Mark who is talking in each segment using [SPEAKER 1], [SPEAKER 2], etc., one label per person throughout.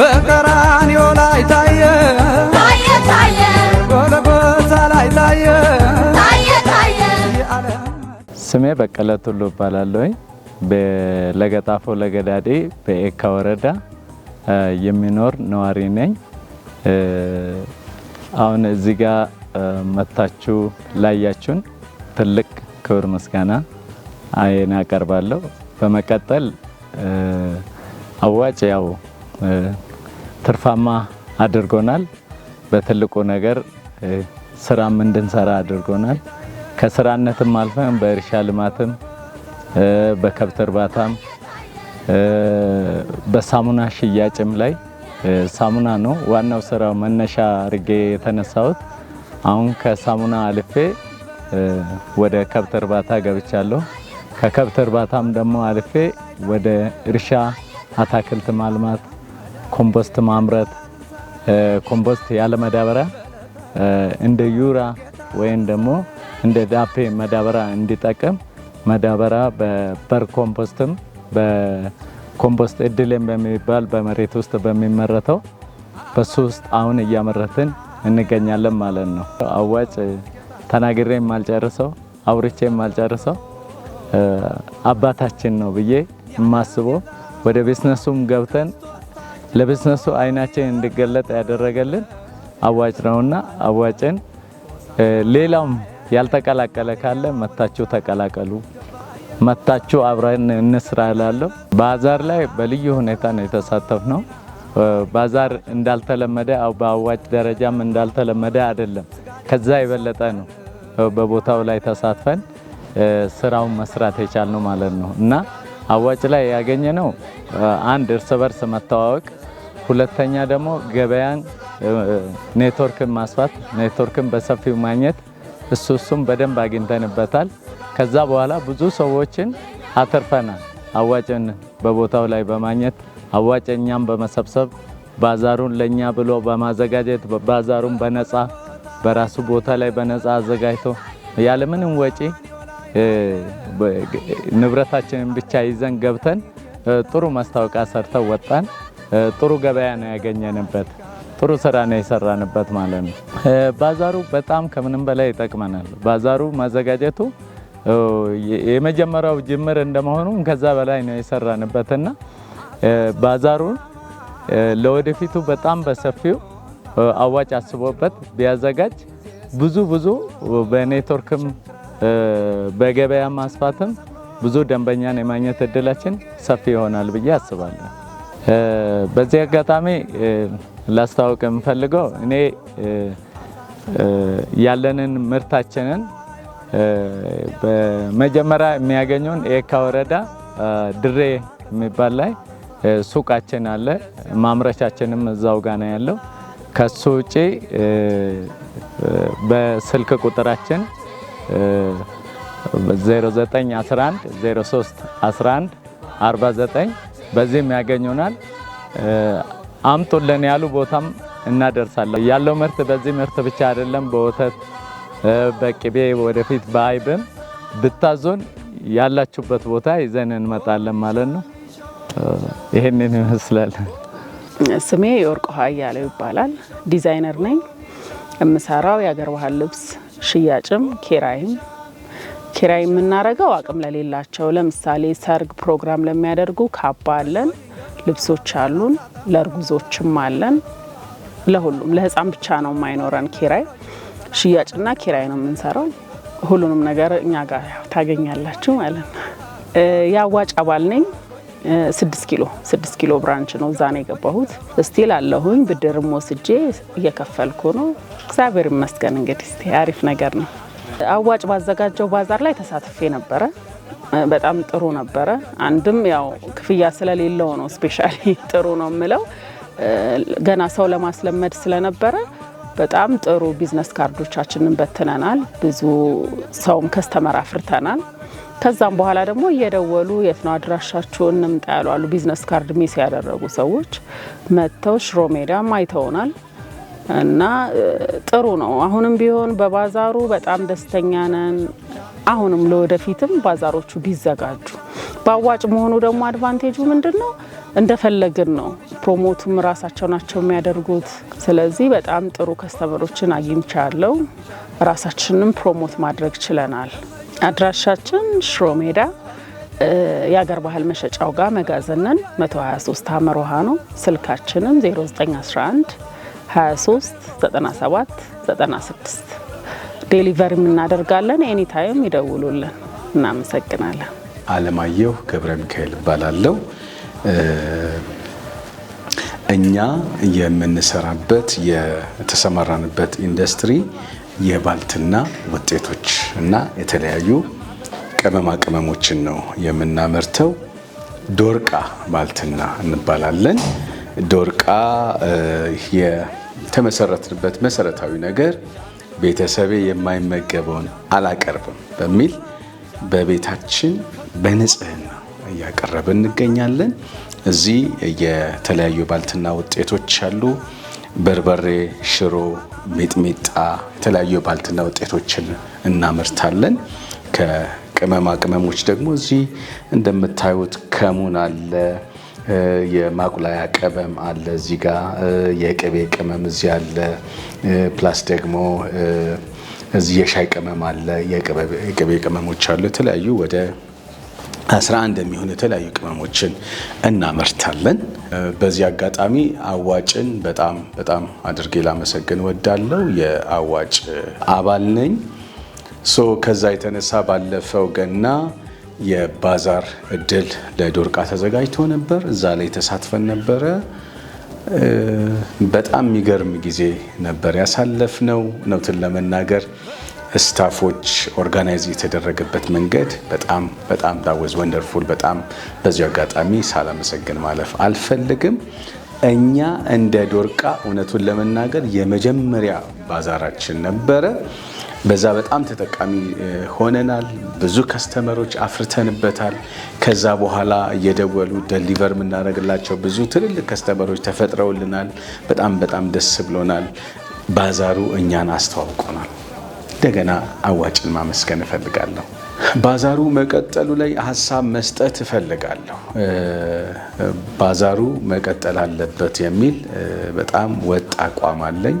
[SPEAKER 1] በቀራንዮ ላይ ታየ ታየ ታየ ጎልጎታ ላይ ታየ ታየ ታየ። ስሜ በቀለ ቱሉ እባላለሁ። በለገጣፎ ለገዳዴ በኤካ ወረዳ የሚኖር ነዋሪ ነኝ። አሁን እዚህ ጋር መታችሁ ላያችሁን ትልቅ ክብር ምስጋና አይን አቀርባለሁ። በመቀጠል አዋጭ ያው ትርፋማ አድርጎናል። በትልቁ ነገር ስራም እንድንሰራ አድርጎናል። ከስራነትም አልፈን በእርሻ ልማትም በከብት እርባታም በሳሙና ሽያጭም ላይ ሳሙና ነው ዋናው ስራው መነሻ አድርጌ የተነሳሁት። አሁን ከሳሙና አልፌ ወደ ከብት እርባታ ገብቻለሁ። ከከብት እርባታም ደግሞ አልፌ ወደ እርሻ አታክልት ማልማት ኮምፖስት ማምረት ኮምፖስት ያለ መዳበሪያ እንደ ዩራ ወይም ደግሞ እንደ ዳፔ መዳበሪያ እንዲጠቀም መዳበሪያ በበር ኮምፖስትም በኮምፖስት እድልም በሚባል በመሬት ውስጥ በሚመረተው በሱ ውስጥ አሁን እያመረትን እንገኛለን ማለት ነው። አዋጭ ተናግሬ የማልጨርሰው አውርቼ የማልጨርሰው አባታችን ነው ብዬ የማስበው ወደ ቢዝነሱም ገብተን ለቢዝነሱ አይናችን እንዲገለጥ ያደረገልን አዋጭ ነውና አዋጭን ሌላውም ያልተቀላቀለ ካለ መታችሁ ተቀላቀሉ፣ መታችሁ አብረን እንስራ እላለሁ። ባዛር ላይ በልዩ ሁኔታ ነው ነው። ባዛር እንዳልተለመደ በአዋጭ ደረጃም እንዳልተለመደ አይደለም፣ ከዛ የበለጠ ነው። በቦታው ላይ ተሳትፈን ስራውን መስራት ነው ማለት ነው እና አዋጭ ላይ ያገኘ ነው። አንድ እርስ በርስ መተዋወቅ፣ ሁለተኛ ደግሞ ገበያን፣ ኔትወርክን ማስፋት፣ ኔትወርክን በሰፊው ማግኘት እሱ እሱም በደንብ አግኝተንበታል። ከዛ በኋላ ብዙ ሰዎችን አተርፈናል። አዋጭን በቦታው ላይ በማግኘት አዋጭ እኛም በመሰብሰብ ባዛሩን ለእኛ ብሎ በማዘጋጀት ባዛሩን በነፃ በራሱ ቦታ ላይ በነፃ አዘጋጅቶ ያለምንም ወጪ ንብረታችንን ብቻ ይዘን ገብተን ጥሩ ማስታወቂያ ሰርተው ወጣን። ጥሩ ገበያ ነው ያገኘንበት፣ ጥሩ ስራ ነው የሰራንበት ማለት ነው። ባዛሩ በጣም ከምንም በላይ ይጠቅመናል። ባዛሩ ማዘጋጀቱ የመጀመሪያው ጅምር እንደመሆኑም ከዛ በላይ ነው የሰራንበትና ባዛሩን ለወደፊቱ በጣም በሰፊው አዋጭ አስቦበት ቢያዘጋጅ ብዙ ብዙ በኔትወርክም በገበያ ማስፋትም ብዙ ደንበኛን የማግኘት እድላችን ሰፊ ይሆናል ብዬ አስባለሁ። በዚህ አጋጣሚ ላስታውቅ የምፈልገው እኔ ያለንን ምርታችንን በመጀመሪያ የሚያገኙን የካ ወረዳ ድሬ የሚባል ላይ ሱቃችን አለ። ማምረቻችንም እዛው ጋ ነው ያለው። ከሱ ውጪ በስልክ ቁጥራችን 0911 03 11 49 በዚህም ያገኙናል። አምጡልን ያሉ ቦታም እናደርሳለን። ያለው ምርት በዚህ ምርት ብቻ አይደለም፣ በወተት በቅቤ ወደፊት በአይብም ብታዞን ያላችሁበት ቦታ ይዘን እንመጣለን ማለት ነው። ይህንን ይመስላል።
[SPEAKER 2] ስሜ የወርቅ ውሃ እያለው ይባላል። ዲዛይነር ነኝ። የምሰራው የአገር ባህል ልብስ ሽያጭም ኪራይም ኪራይ የምናደርገው አቅም ለሌላቸው ለምሳሌ ሰርግ ፕሮግራም ለሚያደርጉ ካባ አለን፣ ልብሶች አሉን፣ ለእርጉዞችም አለን። ለሁሉም ለህፃን ብቻ ነው የማይኖረን ኪራይ። ሽያጭና ኪራይ ነው የምንሰራው። ሁሉንም ነገር እኛ ጋር ታገኛላችሁ ማለት ነው። የአዋጭ አባል ነኝ። ስድስት ኪሎ ስድስት ኪሎ ብራንች ነው እዛ ነው የገባሁት። ስቲል አለሁኝ ብድርም ወስጄ እየከፈልኩ ነው። እግዚአብሔር ይመስገን። እንግዲህ አሪፍ ነገር ነው። አዋጭ ባዘጋጀው ባዛር ላይ ተሳትፌ ነበረ። በጣም ጥሩ ነበረ። አንድም ያው ክፍያ ስለሌለው ነው ስፔሻሊ ጥሩ ነው የምለው። ገና ሰው ለማስለመድ ስለነበረ በጣም ጥሩ ቢዝነስ ካርዶቻችንን በትነናል። ብዙ ሰውም ከስተመር አፍርተናል። ከዛም በኋላ ደግሞ እየደወሉ የት ነው አድራሻችሁን እንምጣ ያሉ አሉ። ቢዝነስ ካርድ ሚስ ያደረጉ ሰዎች መጥተው ሽሮ ሜዳም አይተውናል እና ጥሩ ነው። አሁንም ቢሆን በባዛሩ በጣም ደስተኛ ነን። አሁንም ለወደፊትም ባዛሮቹ ቢዘጋጁ በአዋጭ መሆኑ ደግሞ አድቫንቴጁ ምንድን ነው? እንደፈለግን ነው። ፕሮሞቱም ራሳቸው ናቸው የሚያደርጉት። ስለዚህ በጣም ጥሩ ከስተመሮችን አግኝቻለሁ። ራሳችንም ፕሮሞት ማድረግ ችለናል። አድራሻችን ሽሮ ሜዳ የአገር ባህል መሸጫው ጋር መጋዘንን 123 ሀመር ውሃ ነው። ስልካችንም 0911 23 97 96 ዴሊቨሪም እናደርጋለን። ኤኒታይም ይደውሉልን። እናመሰግናለን።
[SPEAKER 3] አለማየሁ ገብረ ሚካኤል እባላለሁ። እኛ የምንሰራበት የተሰማራንበት ኢንዱስትሪ የባልትና ውጤቶች እና የተለያዩ ቅመማ ቅመሞችን ነው የምናመርተው። ዶርቃ ባልትና እንባላለን። ዶርቃ የተመሰረትንበት መሰረታዊ ነገር ቤተሰቤ የማይመገበውን አላቀርብም በሚል በቤታችን በንጽህና እያቀረብን እንገኛለን። እዚህ የተለያዩ ባልትና ውጤቶች አሉ። በርበሬ፣ ሽሮ ሚጥሚጣ፣ የተለያዩ የባልትና ውጤቶችን እናመርታለን። ከቅመማ ቅመሞች ደግሞ እዚህ እንደምታዩት ከሙን አለ፣ የማቁላያ ቅመም አለ፣ እዚህ ጋ የቅቤ ቅመም እዚህ አለ። ፕላስ ደግሞ እዚህ የሻይ ቅመም አለ፣ የቅቤ ቅመሞች አሉ የተለያዩ ወደ አስራ አንድ የሚሆኑ የተለያዩ ቅመሞችን እናመርታለን። በዚህ አጋጣሚ አዋጭን በጣም በጣም አድርጌ ላመሰግን ወዳለው የአዋጭ አባል ነኝ። ሶ ከዛ የተነሳ ባለፈው ገና የባዛር እድል ለዶርቃ ተዘጋጅቶ ነበር። እዛ ላይ ተሳትፈን ነበረ። በጣም የሚገርም ጊዜ ነበር ያሳለፍነው እውነቱን ለመናገር ስታፎች ኦርጋናይዝ የተደረገበት መንገድ በጣም በጣም ዳወዝ ወንደርፉል። በጣም በዚህ አጋጣሚ ሳላመሰግን ማለፍ አልፈልግም። እኛ እንደ ዶርቃ እውነቱን ለመናገር የመጀመሪያ ባዛራችን ነበረ። በዛ በጣም ተጠቃሚ ሆነናል። ብዙ ከስተመሮች አፍርተንበታል። ከዛ በኋላ እየደወሉ ደሊቨር የምናደርግላቸው ብዙ ትልልቅ ከስተመሮች ተፈጥረውልናል። በጣም በጣም ደስ ብሎናል። ባዛሩ እኛን አስተዋውቆናል። እንደገና አዋጭን ማመስገን እፈልጋለሁ። ባዛሩ መቀጠሉ ላይ ሀሳብ መስጠት እፈልጋለሁ። ባዛሩ መቀጠል አለበት የሚል በጣም ወጥ አቋም አለኝ።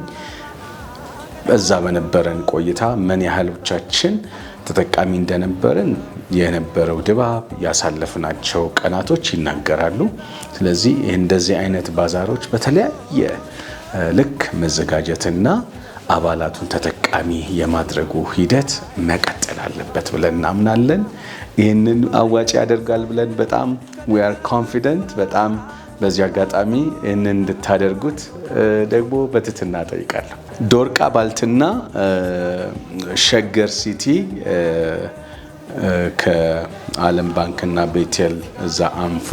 [SPEAKER 3] በዛ በነበረን ቆይታ ምን ያህሎቻችን ተጠቃሚ እንደነበርን የነበረው ድባብ ያሳለፍናቸው ቀናቶች ይናገራሉ። ስለዚህ እንደዚህ አይነት ባዛሮች በተለያየ ልክ መዘጋጀትና አባላቱን ተተ ተጠቃሚ የማድረጉ ሂደት መቀጠል አለበት ብለን እናምናለን። ይህንን አዋጭ ያደርጋል ብለን በጣም ዊ አር ኮንፊደንት በጣም በዚህ አጋጣሚ ይህንን እንድታደርጉት ደግሞ በትትና እጠይቃለሁ። ዶርቃ ባልትና ሸገር ሲቲ ከዓለም ባንክና ቤቴል እዛ አንፎ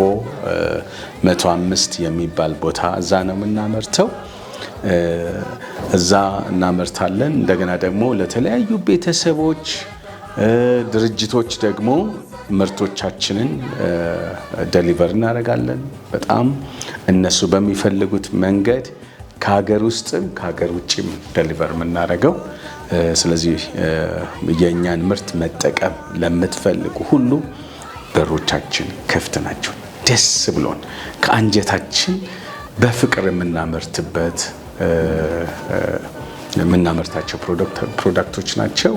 [SPEAKER 3] 105 የሚባል ቦታ እዛ ነው የምናመርተው። እዛ እናመርታለን። እንደገና ደግሞ ለተለያዩ ቤተሰቦች፣ ድርጅቶች ደግሞ ምርቶቻችንን ደሊቨር እናደርጋለን። በጣም እነሱ በሚፈልጉት መንገድ ከሀገር ውስጥም ከሀገር ውጭም ደሊቨር የምናደርገው። ስለዚህ የእኛን ምርት መጠቀም ለምትፈልጉ ሁሉ በሮቻችን ክፍት ናቸው። ደስ ብሎን ከአንጀታችን በፍቅር የምናመርትበት የምናመርታቸው ፕሮዳክቶች ናቸው።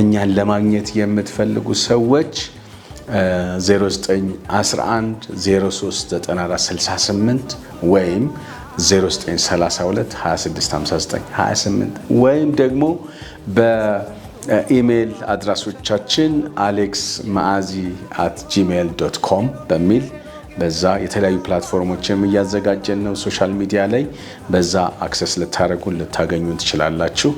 [SPEAKER 3] እኛን ለማግኘት የምትፈልጉ ሰዎች 0911 ወይም 0932 ወይም ደግሞ በኢሜይል አድራሶቻችን አሌክስ ማአዚ አት ጂሜይል ዶት ኮም በሚል በዛ የተለያዩ ፕላትፎርሞችም እያዘጋጀን ነው። ሶሻል ሚዲያ ላይ በዛ አክሰስ ልታደረጉን ልታገኙን ትችላላችሁ።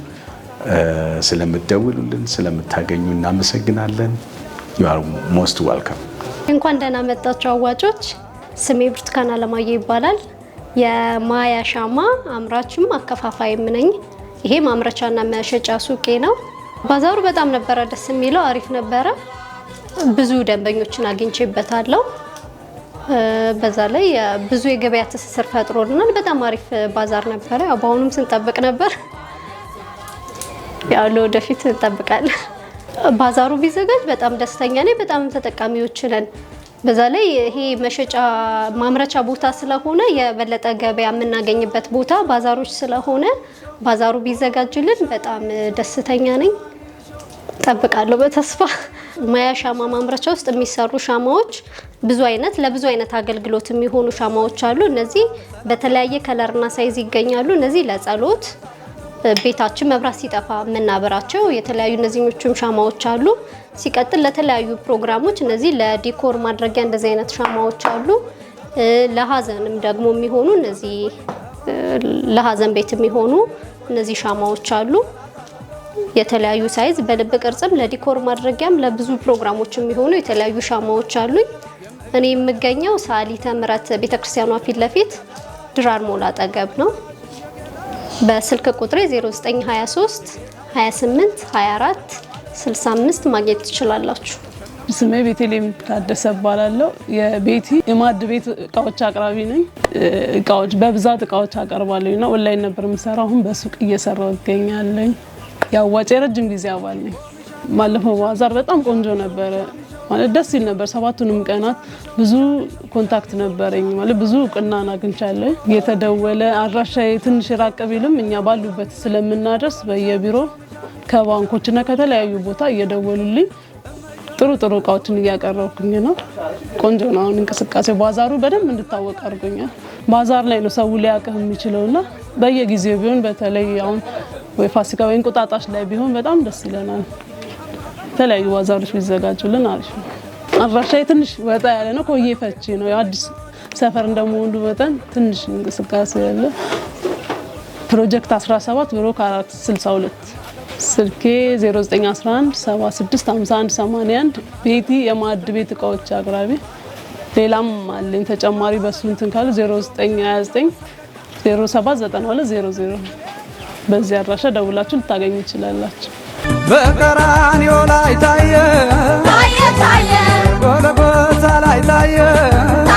[SPEAKER 3] ስለምደውሉልን ስለምታገኙ እናመሰግናለን። ዩ ሞስት ዋልካም።
[SPEAKER 4] እንኳን ደህና መጣችሁ አዋጮች። ስሜ ብርቱካን አለማየሁ ይባላል። የማያ ሻማ አምራችም አከፋፋይም ነኝ። ይሄ ማምረቻና መሸጫ ሱቄ ነው። ባዛሩ በጣም ነበረ ደስ የሚለው፣ አሪፍ ነበረ። ብዙ ደንበኞችን አግኝቼበታለሁ። በዛ ላይ ብዙ የገበያ ትስስር ፈጥሮልናል። በጣም አሪፍ ባዛር ነበረ። ያው በአሁኑም ስንጠብቅ ነበር፣ ያው ለወደፊት እንጠብቃለን። ባዛሩ ቢዘጋጅ በጣም ደስተኛ ነኝ። በጣም ተጠቃሚዎች ነን። በዛ ላይ ይሄ መሸጫ ማምረቻ ቦታ ስለሆነ የበለጠ ገበያ የምናገኝበት ቦታ ባዛሮች ስለሆነ ባዛሩ ቢዘጋጅልን በጣም ደስተኛ ነኝ። ጠብቃለሁ በተስፋ ማያ ሻማ ማምረቻ ውስጥ የሚሰሩ ሻማዎች ብዙ አይነት ለብዙ አይነት አገልግሎት የሚሆኑ ሻማዎች አሉ። እነዚህ በተለያየ ከለርና ሳይዝ ይገኛሉ። እነዚህ ለጸሎት ቤታችን መብራት ሲጠፋ የምናበራቸው የተለያዩ እነዚህኞቹም ሻማዎች አሉ። ሲቀጥል ለተለያዩ ፕሮግራሞች እነዚህ ለዲኮር ማድረጊያ እንደዚህ አይነት ሻማዎች አሉ። ለሀዘንም ደግሞ የሚሆኑ እነዚህ ለሀዘን ቤት የሚሆኑ እነዚህ ሻማዎች አሉ። የተለያዩ ሳይዝ በልብ ቅርጽም ለዲኮር ማድረጊያም ለብዙ ፕሮግራሞች የሚሆኑ የተለያዩ ሻማዎች አሉኝ። እኔ የምገኘው ሰዓሊተ ምሕረት ቤተክርስቲያኗ ፊት ለፊት ድራር ሞል አጠገብ ነው። በስልክ ቁጥሬ 0923 28 24 65 ማግኘት ትችላላችሁ።
[SPEAKER 5] ስሜ ቤቴሌም ታደሰ እባላለሁ። የቤቲ የማድ ቤት እቃዎች አቅራቢ ነኝ። እቃዎች በብዛት እቃዎች አቀርባለኝ እና ኦንላይን ነበር የምሰራው። አሁን በሱቅ እየሰራው ይገኛለኝ። ያዋጭ የረጅም ጊዜ አባል ነኝ። ባለፈው ባዛር በጣም ቆንጆ ነበረ ማለት ደስ ይል ነበር። ሰባቱንም ቀናት ብዙ ኮንታክት ነበረኝ ማለት ብዙ እውቅናን አግኝቻለሁ። የተደወለ አድራሻ ትንሽ ራቅ ቢልም እኛ ባሉበት ስለምናደርስ በየቢሮ ከባንኮችና ከተለያዩ ቦታ እየደወሉልኝ ጥሩ ጥሩ እቃዎችን እያቀረብኩኝ ነው። ቆንጆ ነው። አሁን እንቅስቃሴ ባዛሩ በደንብ እንድታወቅ አድርጎኛል። ባዛር ላይ ነው ሰው ሊያውቅህ የሚችለውና በየጊዜው ቢሆን በተለይ አሁን ወይ ፋሲካ ወይ እንቁጣጣሽ ላይ ቢሆን በጣም ደስ ይለናል። የተለያዩ ባዛሮች ቢዘጋጁልን አሪፍ ነው። አድራሻዬ ትንሽ ወጣ ያለ ነው፣ ቆየ ፈቼ ነው። አዲስ ሰፈር እንደመሆኑ መጠን ትንሽ እንቅስቃሴ ያለ ፕሮጀክት 17 ብሎክ 462 ስልኬ 0911765181 ቤቲ የማዕድ ቤት እቃዎች አቅራቢ። ሌላም አለኝ ተጨማሪ በሱ እንትን ካሉ 0929 079200 በዚህ አድራሻ ደውላችሁ ልታገኙ ይችላላችሁ። በቀራንዮ ላይ ታየ ታየ ታየ ጎልጎታ ላይ ታየ